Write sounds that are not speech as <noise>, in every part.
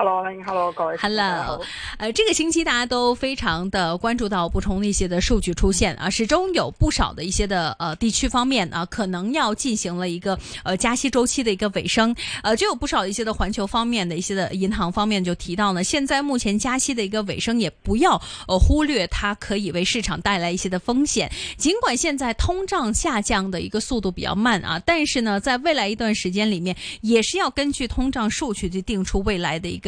Hello，Hello，各位，Hello，呃，uh, 這個星期大家都非常的關注到補充一些的數據出現啊，始終有不少的一些的，呃地區方面啊，可能要進行了一個，呃加息週期的一個尾聲，呃，就有不少一些的環球方面的一些的銀行方面就提到呢，現在目前加息的一個尾聲也不要，呃忽略它可以為市場帶來一些的風險，盡管現在通脹下降的一個速度比較慢啊，但是呢，在未來一段時間裏面也是要根據通脹數據去定出未來的一個。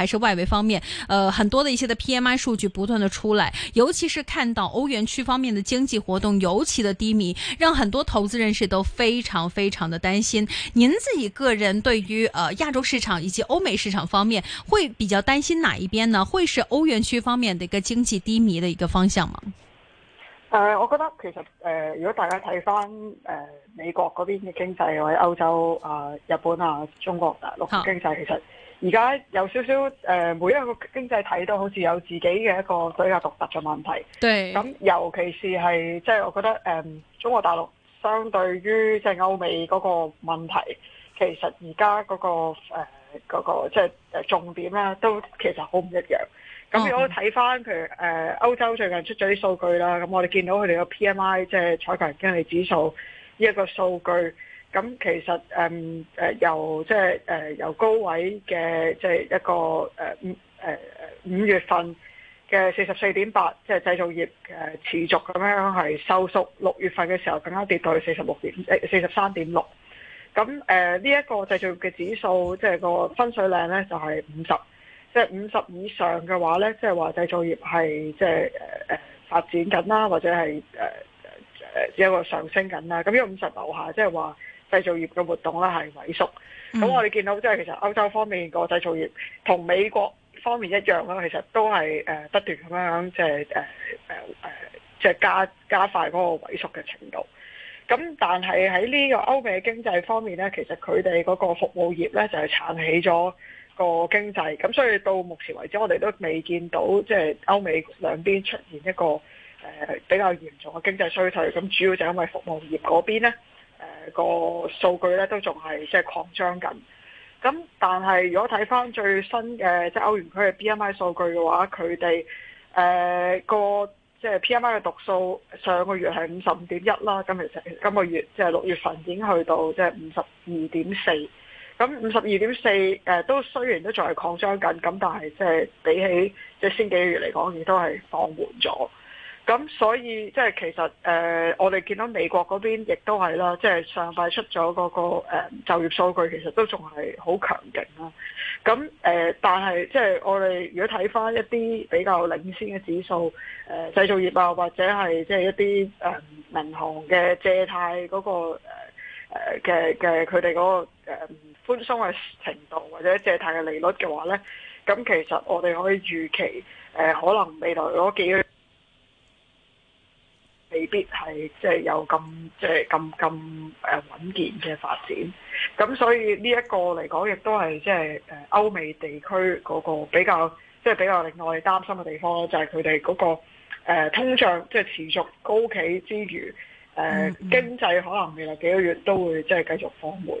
還是外圍方面，呃，很多的一些的 PMI 數據不斷的出來，尤其是看到歐元區方面的經濟活動尤其的低迷，讓很多投資人士都非常非常的擔心。您自己個人對於呃亞洲市場以及歐美市場方面，會比較擔心哪一邊呢？會是歐元區方面的一個經濟低迷的一個方向嗎？呃，我覺得其實呃，如果大家睇翻呃美國嗰邊嘅經濟，或者歐洲啊、日本啊、中國大陸嘅經濟，其實。而家有少少誒、呃，每一個經濟體都好似有自己嘅一個比較獨特嘅問題。咁對尤其是係即係我覺得誒、嗯，中國大陸相對於即係歐美嗰個問題，其實而家嗰個誒即係誒重點啦，都其實好唔一樣。咁如果睇翻譬如誒、呃、歐洲最近出咗啲數據啦，咁我哋見到佢哋個 PMI 即係採購人經理指數呢一個數據。咁其實誒誒由即係誒由高位嘅即係一個誒誒誒五月份嘅四十四點八，即係製造業誒持續咁樣係收縮。六月份嘅時候更加跌到去四十六點誒四十三點六。咁誒呢一個製造業嘅指數，即係個分水嶺咧，就係五十。即係五十以上嘅話咧，即係話製造業係即係誒發展緊啦，或者係誒誒一個上升緊啦。咁呢個五十樓下，即係話，製造業嘅活動咧係萎縮，咁、嗯、我哋見到即係其實歐洲方面個製造業同美國方面一樣啦，其實都係誒不斷咁樣即係誒誒誒，即係加加快嗰個萎縮嘅程度。咁但係喺呢個歐美經濟方面咧，其實佢哋嗰個服務業咧就係撐起咗個經濟。咁所以到目前為止，我哋都未見到即係歐美兩邊出現一個誒比較嚴重嘅經濟衰退。咁主要就係因為服務業嗰邊咧。誒、呃、個數據咧都仲係即係擴張緊，咁但係如果睇返最新嘅即係歐元區嘅 PMI 數據嘅話，佢哋誒個即係 PMI 嘅讀數上個月係五十五點一啦，咁其實今個月即係六月份已經去到即係五十二點四，咁五十二點四誒都雖然都仲係擴張緊，咁但係即係比起即係先幾個月嚟講，亦都係放緩咗。咁所以即係其實誒、呃，我哋見到美國嗰邊亦都係啦，即係上快出咗嗰、嗰個、呃、就業數據，其實都仲係好強勁啦。咁誒、呃，但係即係我哋如果睇翻一啲比較領先嘅指數，誒、呃、製造業啊，或者係即係一啲誒銀行嘅借貸嗰、嗰個誒嘅嘅佢哋嗰個誒、呃、寬鬆嘅程度，或者借貸嘅利率嘅話咧，咁其實我哋可以預期誒、呃，可能未來嗰幾個必係即係有咁即係咁咁誒穩健嘅發展，咁所以呢一個嚟講，亦都係即係誒歐美地區嗰個比較即係、即係、比較令我哋擔心嘅地方咯，就係佢哋嗰個、呃、通脹即係、即係、持續高企之餘，誒、呃、經濟可能未來幾個月都會即係繼續放緩。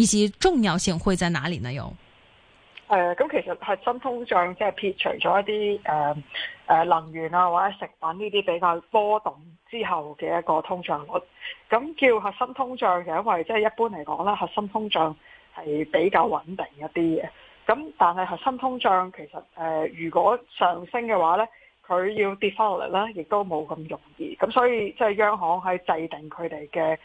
以及重要性會在哪裏呢？有誒、嗯，咁其實核心通脹即係撇除咗一啲誒誒能源啊或者食品呢啲比較波動之後嘅一個通脹率，咁、嗯、叫核心通脹嘅，因為即係一般嚟講啦，核心通脹係比較穩定一啲嘅。咁、嗯、但係核心通脹其實誒、呃、如果上升嘅話咧，佢要跌翻落嚟咧，亦都冇咁容易。咁、嗯、所以即係央行喺制定佢哋嘅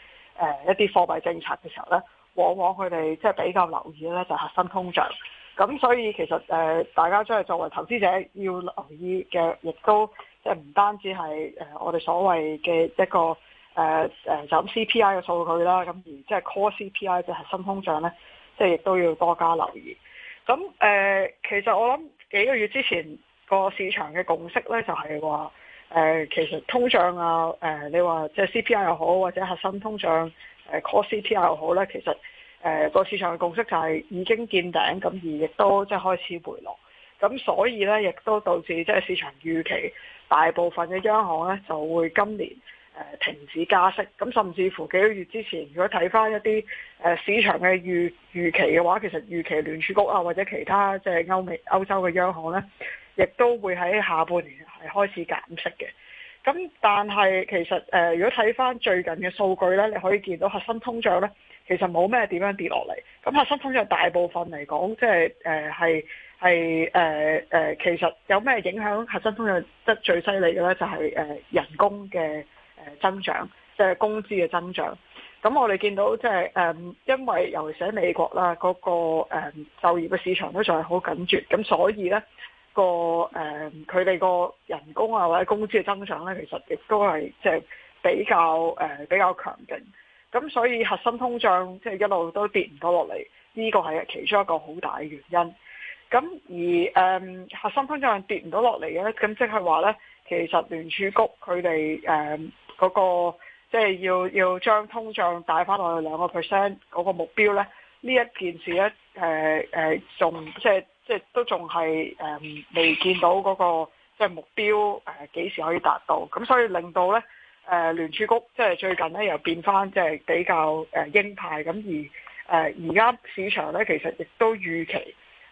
誒一啲貨幣政策嘅時候咧，往往佢哋即係比較留意咧，就核心通脹咁，所以其實誒、呃，大家真係作為投資者要留意嘅，亦都即係唔單止係誒、呃、我哋所謂嘅一個誒誒、呃，就咁、C P I 嘅數據啦。咁而即係 core C P I 嘅核心通脹咧，即係亦都要多加留意。咁誒、呃，其實我諗幾個月之前，個市場嘅共識咧，就係話。誒、呃，其實通脹啊，誒、呃，你話即係 CPI 又好，或者核心通脹誒、呃、core CPI 又好咧，其實誒個、呃、市場嘅共識就係已經見頂咁，而亦都即係開始回落，咁所以咧，亦都導致即係市場預期大部分嘅央行咧就會今年誒、呃、停止加息，咁甚至乎幾個月之前，如果睇返一啲誒市場嘅預預期嘅話，其實預期聯儲局啊，或者其他即係歐美歐洲嘅央行咧，亦都會喺下半年係開始減息嘅。咁但係其實誒、呃，如果睇翻最近嘅數據咧，你可以見到核心通脹咧，其實冇咩點樣跌落嚟。咁核心通脹大部分嚟講，即係誒係係誒誒，其實有咩影響核心通脹得最犀利嘅咧，就係、是、誒、呃、人工嘅誒增長，即、就、係、是、工資嘅增長。咁我哋見到即係誒，因為尤其是喺美國啦，嗰、那個誒就、呃、業嘅市場都仲係好緊缺，咁所以咧。個誒佢哋個人工啊或者工資嘅增長咧，其實亦都係即係比較誒、呃、比較強勁。咁所以核心通脹即係一路都跌唔到落嚟，呢個係其中一個好大嘅原因。咁而誒、呃、核心通脹跌唔到落嚟嘅咧，咁即係話咧，其實聯儲局佢哋誒嗰個即係、就是、要要將通脹帶翻落去兩個 percent 嗰個目標咧，呢一件事咧誒誒仲即係。呃呃即係都仲係誒未見到嗰、那個即係目標誒幾、呃、時可以達到咁，所以令到咧誒、呃、聯儲局即係最近咧又變翻即係比較誒鷹派咁，而誒而家市場咧其實亦都預期誒、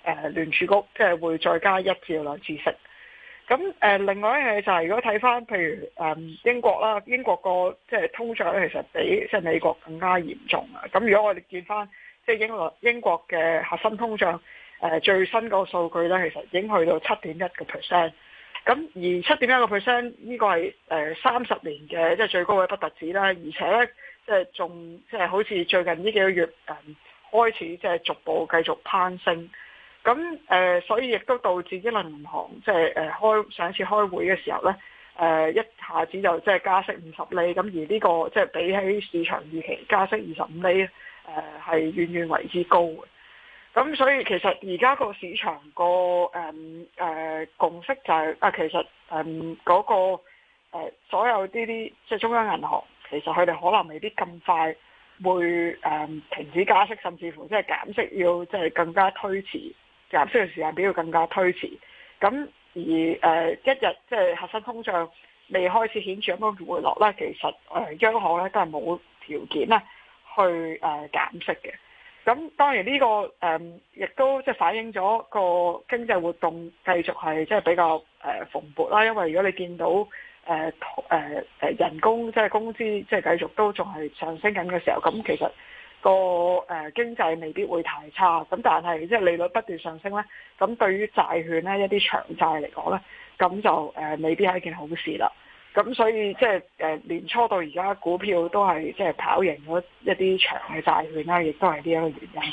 呃、聯儲局即係會再加一次兩次或兩次息。咁誒、呃、另外一樣嘢就係、是、如果睇翻譬如誒、嗯、英國啦，英國個即係通脹咧其實比即係美國更加嚴重啊。咁如果我哋見翻即係英倫英國嘅核心通脹。誒最新嗰個數據咧，其實已經去到七點一個 percent，咁而七點一個 percent 呢個係誒三十年嘅即係最高嘅，不特止啦，而且咧即係仲即係好似最近呢幾個月誒開始即係逐步繼續攀升，咁誒所以亦都導致一輪銀行即係誒開上一次開會嘅時候咧誒一下子就即係加息五十厘，咁而呢個即係比起市場預期加息二十五厘誒係遠遠為之高嘅。咁所以其實而家個市場個誒誒共識就係、是、啊，其實誒嗰、嗯那個、呃、所有啲啲即係中央銀行，其實佢哋可能未必咁快會誒、嗯、停止加息，甚至乎即係減息要即係更加推遲減息嘅時間表，更加推遲。咁而誒、呃、一日即係核心通脹未開始顯著咁樣回落啦，其實誒、呃、央行咧都係冇條件咧去誒、呃、減息嘅。咁當然呢、呢個誒亦、嗯、都即係反映咗個經濟活動繼續係即係比較誒蓬勃啦。因為如果你見到誒誒誒人工即係、即係、工資即係繼續都仲係上升緊嘅時候，咁其實、嗰個誒、呃、經濟未必會太差。咁但係即係利率不斷上升咧，咁對於債券咧一啲長債嚟講咧，咁就誒未必係一件好事啦。咁所以即係誒年初到而家股票都係即係跑贏咗一啲長嘅債券啦，亦都係呢一個原因。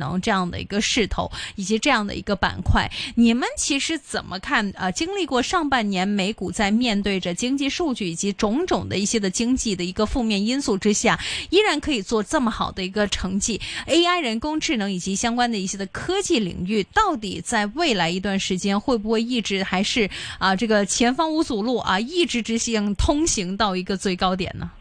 能這樣的一個勢頭，以及這樣的一個板塊，你們其實怎麼看？啊，經歷過上半年美股在面對着經濟數據以及種種的一些的經濟的一個負面因素之下，依然可以做這麼好的一個成績。AI 人工智能以及相關的一些的科技領域，到底在未來一段時間會不會一直還是啊這個前方無阻路啊，一直執行通行到一個最高點呢？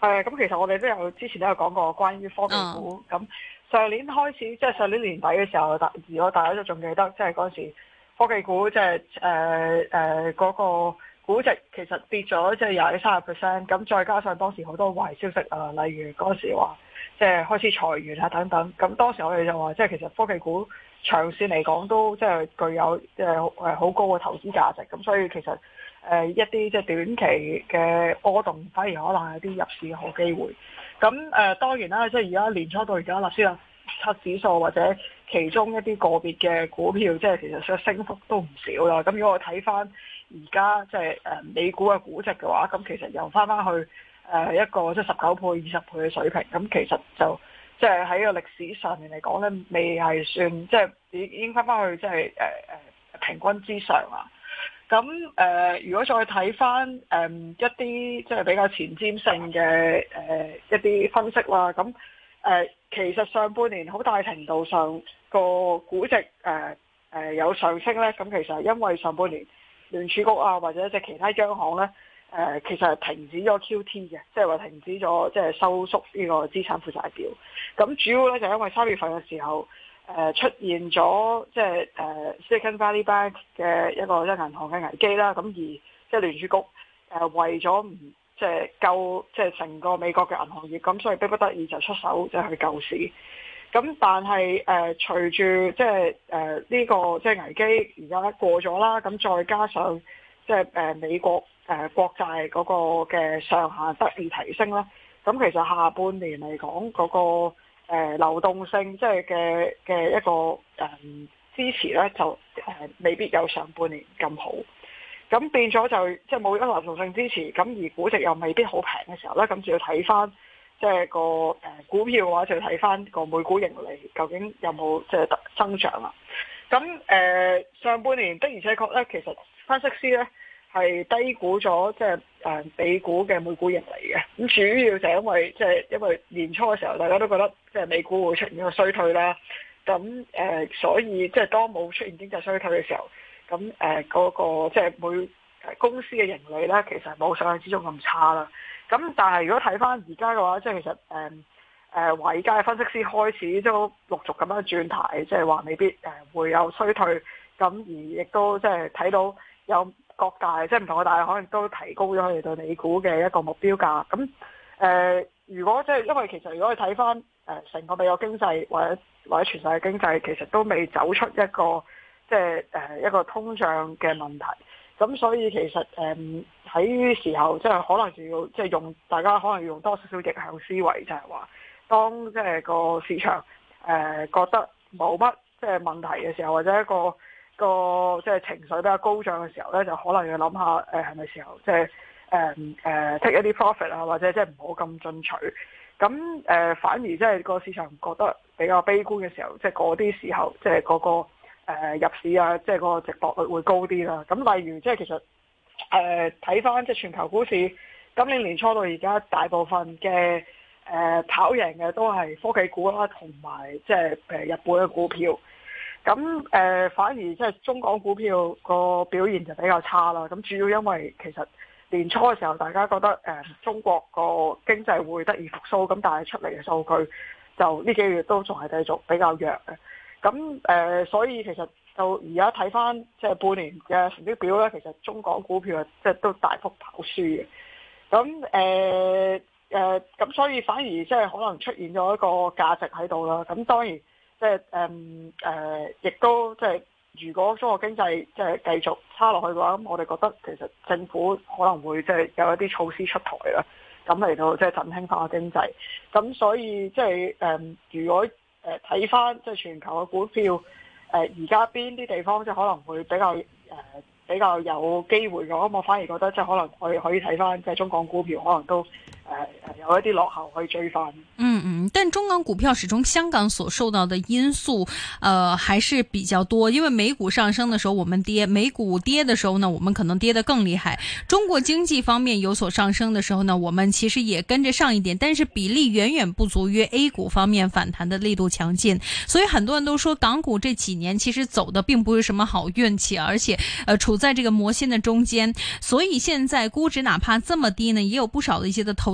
誒、嗯，咁其實我哋都有之前都有講過關於科技股咁。上年開始，即係上年年底嘅時候，大而我大家都仲記得，即係嗰時科技股即係誒誒嗰個估值其實跌咗，即係廿三十 percent，咁再加上當時好多壞消息啊，例如嗰時話即係開始裁員啊等等，咁當時我哋就話，即係其實科技股長線嚟講都即係具有誒誒好高嘅投資價值，咁所以其實。誒、呃、一啲即係短期嘅波動，反而可能係啲入市好機會。咁誒、呃、當然啦，即係而家年初到而家，納斯達克指數或者其中一啲個別嘅股票，即係其實嘅升幅都唔少啦。咁如果我睇翻而家即係誒、呃、美股嘅估值嘅話，咁其實又翻翻去誒一個即係十九倍、二十倍嘅水平。咁其實就即係喺個歷史上面嚟講咧，未係算即係已經翻翻去即係誒誒平均之上啊。咁誒、呃，如果再睇翻誒一啲即係比較前瞻性嘅誒、呃、一啲分析啦，咁、呃、誒其實上半年好大程度上個估值誒誒、呃呃、有上升咧，咁其實係因為上半年聯儲局啊或者即係其他央行咧誒、呃，其實係停止咗 QT 嘅，即係話停止咗即係收縮呢個資產負債表。咁主要咧就係，因為三月份嘅時候。誒出現咗即係誒 Silicon Valley Bank 嘅一個一銀行嘅危機啦，咁而即係聯儲局誒為咗唔即係救即係成個美國嘅銀行業，咁所以迫不得已就出手就去救市。咁但係誒、呃、隨住即係誒呢個即係危機而家過咗啦，咁再加上即係誒美國誒國債嗰個嘅上限得以提升啦。咁其實下半年嚟講嗰、嗰個。誒流動性即係嘅嘅一個誒支持咧，就誒未必有上半年咁好。咁變咗就即係冇一個流動性支持，咁而估值又未必好平嘅時候咧，咁就要睇翻即係個誒股票嘅話，就要睇翻個每股盈利究竟有冇即係增長啦。咁誒上半年的而且確咧，其實分析師咧。係低估咗，即係誒美股嘅每股盈利嘅。咁主要就係因為即係、就是、因為年初嘅時候，大家都覺得即係、就是、美股會出現一個衰退啦。咁誒、呃，所以即係、就是、當冇出現經濟衰退嘅時候，咁誒嗰個即係、就是、每公司嘅盈利咧，其實冇想象之中咁差啦。咁但係如果睇翻而家嘅話，即、就、係、是、其實誒誒，華爾街嘅分析師開始都陸續咁樣轉態，即係話未必誒會有衰退。咁而亦都即係睇到有。各大即係唔同嘅大行都提高咗佢哋對美股嘅一個目標價。咁誒、呃，如果即係因為，其實如果你睇翻誒成個美國經濟或者或者全世界經濟，其實都未走出一個即係誒、呃、一個通脹嘅問題。咁所以其實誒喺、呃、時候即係可能就要即係用大家可能要用多少少逆向思維，就係、是、話當即係個市場誒、呃、覺得冇乜即係問題嘅時候，或者一個。個即係情緒比較高漲嘅時候咧，就可能要諗下誒係咪時候即係誒誒 take 一啲 profit 啊，或者即係唔好咁進取。咁誒、呃、反而即係個市場覺得比較悲觀嘅時候，即係嗰啲時候，即係嗰個、呃、入市啊，即、就、係、是、個值博率會高啲啦、啊。咁例如即係其實誒睇翻即係全球股市，今年年初到而家大部分嘅誒、呃、跑贏嘅都係科技股啦、啊，同埋即係誒日本嘅股票。咁誒、呃，反而即係中港股票個表現就比較差啦。咁主要因為其實年初嘅時候，大家覺得誒、呃、中國個經濟會得以復甦，咁但係出嚟嘅數據就呢幾個月都仲係繼續比較弱嘅。咁誒、呃，所以其實就而家睇翻即係半年嘅成績表咧，其實中港股票即係都大幅跑輸嘅。咁誒誒，咁、呃呃、所以反而即係可能出現咗一個價值喺度啦。咁當然。即係誒誒，亦、嗯呃、都即係如果中國經濟即係繼續差落去嘅話，咁我哋覺得其實政府可能會即係有一啲措施出台啦，咁嚟到即係振興翻個經濟。咁所以即係誒、嗯，如果誒睇翻即係全球嘅股票，誒而家邊啲地方即係可能會比較誒、呃、比較有機會嘅話，我反而覺得即係可能我哋可以睇翻即係中港股票可能都。.誒，有一啲落後可以追翻。嗯嗯，但中港股票始終香港所受到的因素，呃，還是比較多。因為美股上升的時候，我們跌，美股跌的時候呢，我們可能跌得更厲害。中國經濟方面有所上升的時候呢，我們其實也跟着上一點，但是比例遠遠不足於 A 股方面反彈的力度強勁。所以很多人都說港股這幾年其實走的並不是什麼好運氣，而且，呃處在這個魔仙的中間，所以現在估值哪怕這麼低呢，也有不少的一些的投。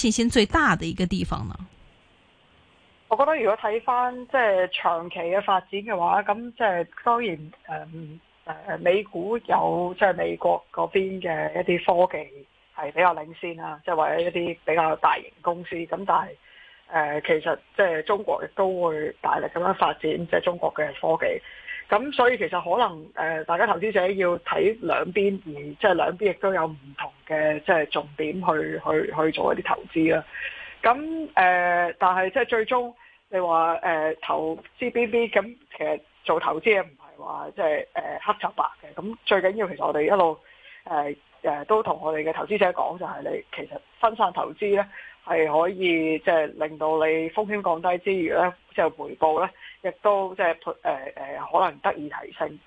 信心最大的一個地方呢？我覺得如果睇返即係長期嘅發展嘅話，咁即係當然誒，誒、嗯呃，美股有即係美國嗰邊嘅一啲科技係比較領先啦、啊，即係或者一啲比較大型公司。咁但係誒、呃，其實即係中國亦都會大力咁樣發展即係中國嘅科技。咁所以其實可能誒、呃，大家投資者要睇兩邊，而即係兩邊亦都有唔同嘅即係重點去去去做一啲投資啦。咁誒、呃，但係即係最終你話誒、呃、投邊邊，咁其實做投資啊、即係，唔係話即係誒黑就白嘅。咁最緊要其實我哋一路誒誒都同我哋嘅投資者講、即係，就係你其實分散投資咧。係可以即係令到你風險降低之餘咧，即係回報咧亦都即係誒誒可能得以提升。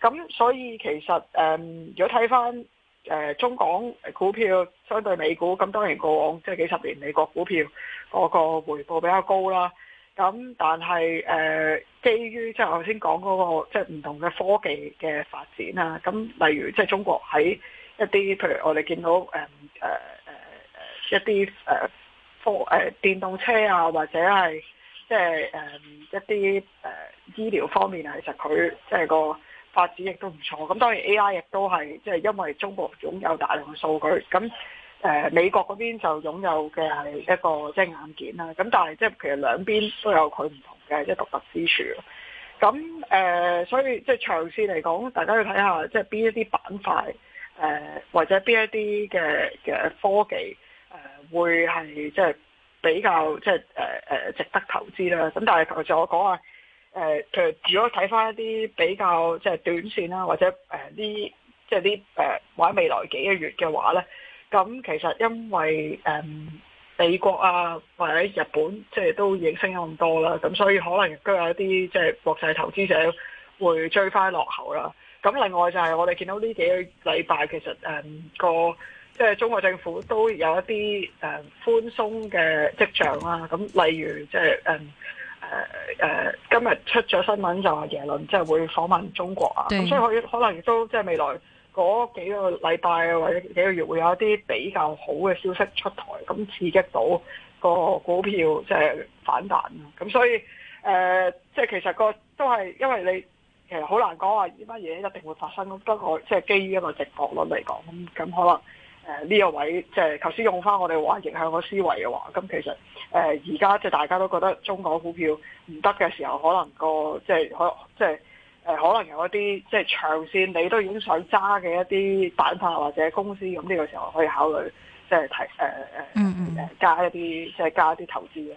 咁所以其實誒，如果睇翻誒中港股票相對美股，咁當然過往即係幾十年美國股票嗰個回報比較高啦。咁但係誒，基於即係頭先講嗰個即係唔同嘅科技嘅發展啦。咁例如即係中國喺一啲譬如我哋見到誒誒誒一啲誒。呃呃呃呃呃呃科誒電動車啊，或者係即係誒一啲誒、呃、醫療方面，其實佢即係個發展亦都唔錯。咁當然 AI 亦都係即係因為中國擁有大量嘅數據，咁誒、呃、美國嗰邊就擁有嘅係一個即係、就是、硬件啦。咁但係即係其實兩邊都有佢唔同嘅即係獨特之處。咁誒、呃、所以即係長線嚟講，大家要睇下即係邊一啲板塊誒、呃，或者邊一啲嘅嘅科技。會係即係比較即係誒誒值得投資啦。咁但係頭先我講啊，誒其實如果睇翻一啲比較即係短線啦，或者誒啲即係啲誒或者未來幾個月嘅話咧，咁、嗯、其實因為誒、嗯、美國啊或者日本即係都已經升咗咁多啦，咁、嗯、所以可能亦都有一啲即係國際投資者會追翻落後啦。咁、嗯、另外就係我哋見到呢幾個禮拜其實誒、嗯、個，即係中國政府都有一啲誒寬鬆嘅跡象啦、啊，咁例如即係誒誒誒，今日出咗新聞就話耶倫即係會訪問中國啊，咁、嗯、所以可能亦都即係未來嗰幾個禮拜或者幾個月會有一啲比較好嘅消息出台，咁刺激到個股票即係反彈。咁所以誒，即、呃、係、就是、其實個都係因為你其實好難講話呢乜嘢一定會發生，不過即係基於一個直覺率嚟講咁，可能。誒呢個位即係頭先用翻我哋話逆向嘅思維嘅話，咁、嗯、其實誒而家即係大家都覺得中港股票唔得嘅時候，可能個即係可即係誒、呃、可能有一啲即係長線你都已經想揸嘅一啲板塊或者公司，咁呢個時候可以考慮即係提誒誒誒加一啲即係加一啲投資咯。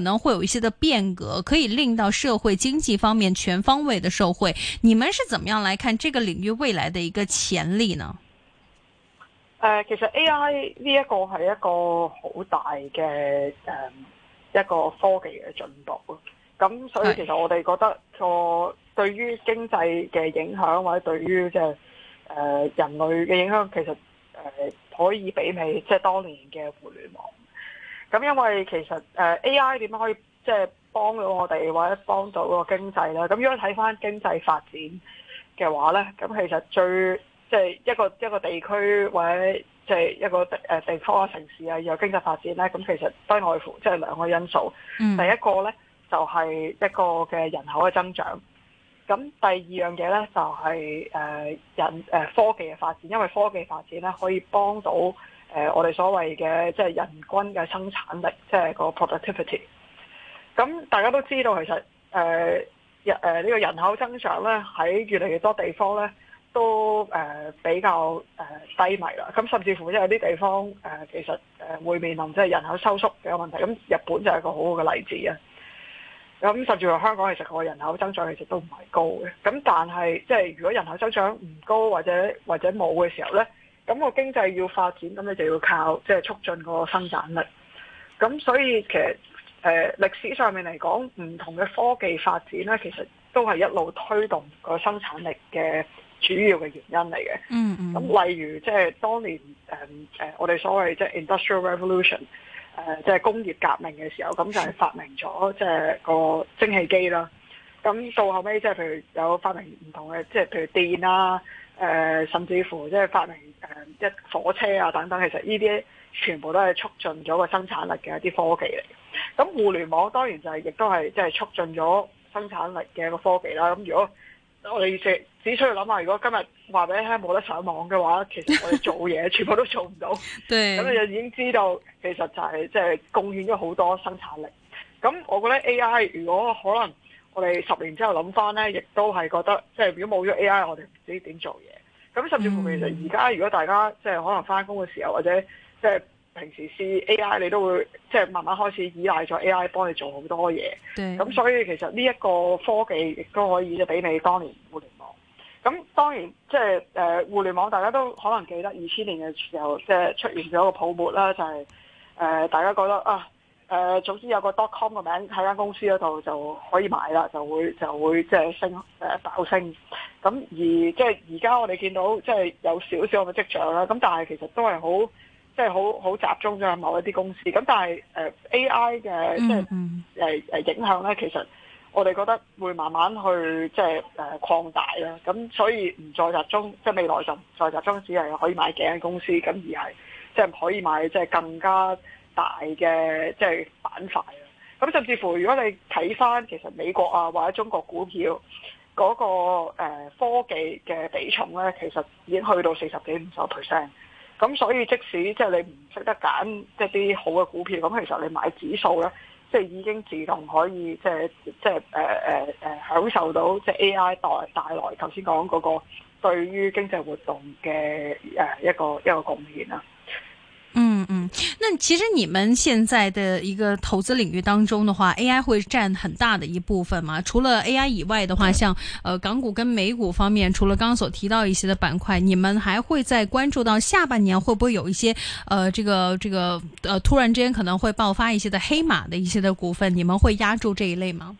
可能會有一些的變革，可以令到社會經濟方面全方位的受惠。你們是怎麼樣來看這個領域未來的一個潛力呢？誒、呃，其實 AI 呢一個係一個好大嘅誒、呃、一個科技嘅進步。咁所以其實我哋覺得個是對於經濟嘅影響或者對於即係誒人類嘅影響，其實誒、呃、可以媲美即係當年嘅互聯網。咁因為其實誒 AI 點樣可以即係幫到我哋，或者幫到個經濟咧？咁如果睇返經濟發展嘅話咧，咁其實最即係、就是、一個一個地區或者即係一個誒地方城市啊有經濟發展咧，咁其實不外乎即係、就是、兩個因素。Mm. 第一個咧就係一個嘅人口嘅增長，咁第二樣嘢咧就係誒人誒科技嘅發展，因為科技發展咧可以幫到。誒、呃，我哋所謂嘅即係人均嘅生產力，即係個 productivity。咁大家都知道，其實誒誒呢個人口增長咧，喺越嚟越多地方咧都誒、呃、比較誒、呃、低迷啦。咁甚至乎即係有啲地方誒、呃，其實誒會面臨即係人口收縮嘅問題。咁日本就係一個好好嘅例子啊。咁甚至乎香港其實個人口增長其實都唔係高嘅。咁但係即係如果人口增長唔高或者或者冇嘅時候咧，咁個經濟要發展，咁你就要靠即係、就是、促進個生產力。咁所以其實誒、呃、歷史上面嚟講，唔同嘅科技發展咧，其實都係一路推動個生產力嘅主要嘅原因嚟嘅、mm hmm. 就是。嗯嗯。咁例如即係當年誒誒我哋所謂即係、就是、Industrial Revolution 誒、呃，即、就、係、是、工業革命嘅時候，咁就係發明咗即係個蒸汽機啦。咁到後尾，即、就、係、是、譬如有發明唔同嘅，即係譬如電啦、啊。誒、呃、甚至乎即係發明誒一、呃、火車啊等等，其實呢啲全部都係促進咗個生產力嘅一啲科技嚟。咁互聯網當然就係亦都係即係促進咗生產力嘅一個科技啦。咁如果我哋只需要諗下，如果今日話俾你聽冇得上網嘅話，其實我哋做嘢全部都做唔到。咁 <laughs> <laughs> 你就已經知道其實就係即係貢獻咗好多生產力。咁我覺得 A.I. 如果可能，我哋十年之後諗翻咧，亦都係覺得即係、就是、如果冇咗 A.I. 我哋唔知點做嘢。咁、嗯、甚至乎其實而家如果大家即係可能返工嘅時候，或者即係平時試 AI，你都會即係慢慢開始依賴咗 AI 幫你做好多嘢。咁對所以其實呢一個科技亦都可以嘅畀你當年互聯網。咁當然即係誒互聯網，大家都可能記得二千年嘅時候，即係出現咗個泡沫啦，就係、是、誒、呃、大家覺得啊。誒、呃，總之有個 dot com 個名喺間公司嗰度就可以買啦，就會就會即係升，誒、呃、爆升。咁而即係而家我哋見到即係有少少嘅跡象啦。咁但係其實都係好，即係好好集中咗喺某一啲公司。咁但係誒、呃、AI 嘅即係誒誒影響咧，其實我哋覺得會慢慢去即係誒、呃、擴大啦。咁所以唔再集中，即係未來就唔再集中，只係可以買幾間公司，咁而係即係唔可以買即係更加大嘅即係板塊啊！咁、就是、甚至乎如果你睇翻其實美國啊或者中國股票嗰、那個、呃、科技嘅比重咧，其實已經去到四十幾五十 percent。咁所以即使即係你唔識得揀、就是、一啲好嘅股票，咁其實你買指數咧，即、就、係、是、已經自動可以即係即係誒誒誒享受到即係、就是、AI 帶帶來頭先講嗰個對於經濟活動嘅誒、呃、一個一個貢獻啦。嗯，那其實你們現在的一個投資領域當中的話，AI 會佔很大的一部分嗎？除了 AI 以外的話，嗯、像，呃，港股跟美股方面，除了剛剛所提到一些的板塊，你們還會再關注到下半年會不會有一些，呃這個這個，呃突然之間可能會爆發一些的黑馬的一些的股份，你們會押注這一類嗎？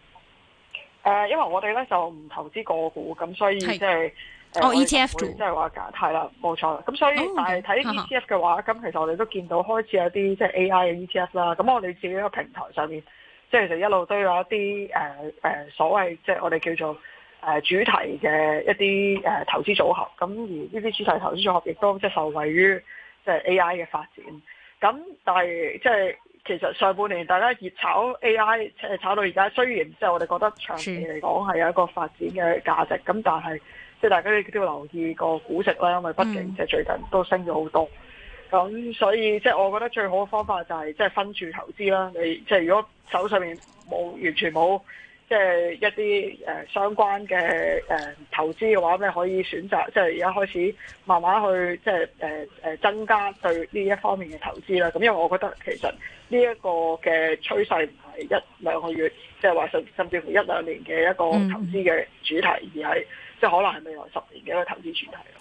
誒、呃，因為我哋呢就唔投資個股，咁所以就是。嗯嗯哦，E T F 即係話㗎，係啦，冇 <noise> <noise> 錯。咁、嗯、所以，但係睇 E T F 嘅話，咁 <noise> 其實我哋都見到開始有啲即係、就是、A I 嘅 E T F 啦。咁我哋自己一個平台上面，即係其實一路都有一啲誒誒所謂即係我哋叫做誒、呃、主題嘅一啲誒投資組合。咁而呢啲主題投資組合亦都即係受惠於即係、就是、A I 嘅發展。咁但係即係其實上半年大家熱炒 A I，誒炒到而家，雖然即係我哋覺得長期嚟講係有一個發展嘅價值，咁是但係。即係大家都要留意個估值啦，因為畢竟即係最近都升咗好多。咁、嗯、所以即係、就是、我覺得最好嘅方法就係即係分住投資啦。你即係、就是、如果手上面冇完全冇即係一啲誒、呃、相關嘅誒、呃、投資嘅話咧，你可以選擇即係而家開始慢慢去即係誒誒增加對呢一方面嘅投資啦。咁因為我覺得其實呢一個嘅趨勢唔係一兩個月，即係話甚甚至乎一兩年嘅一個投資嘅主題，嗯、而係。即係可能係未來十年嘅一個投資主題咯。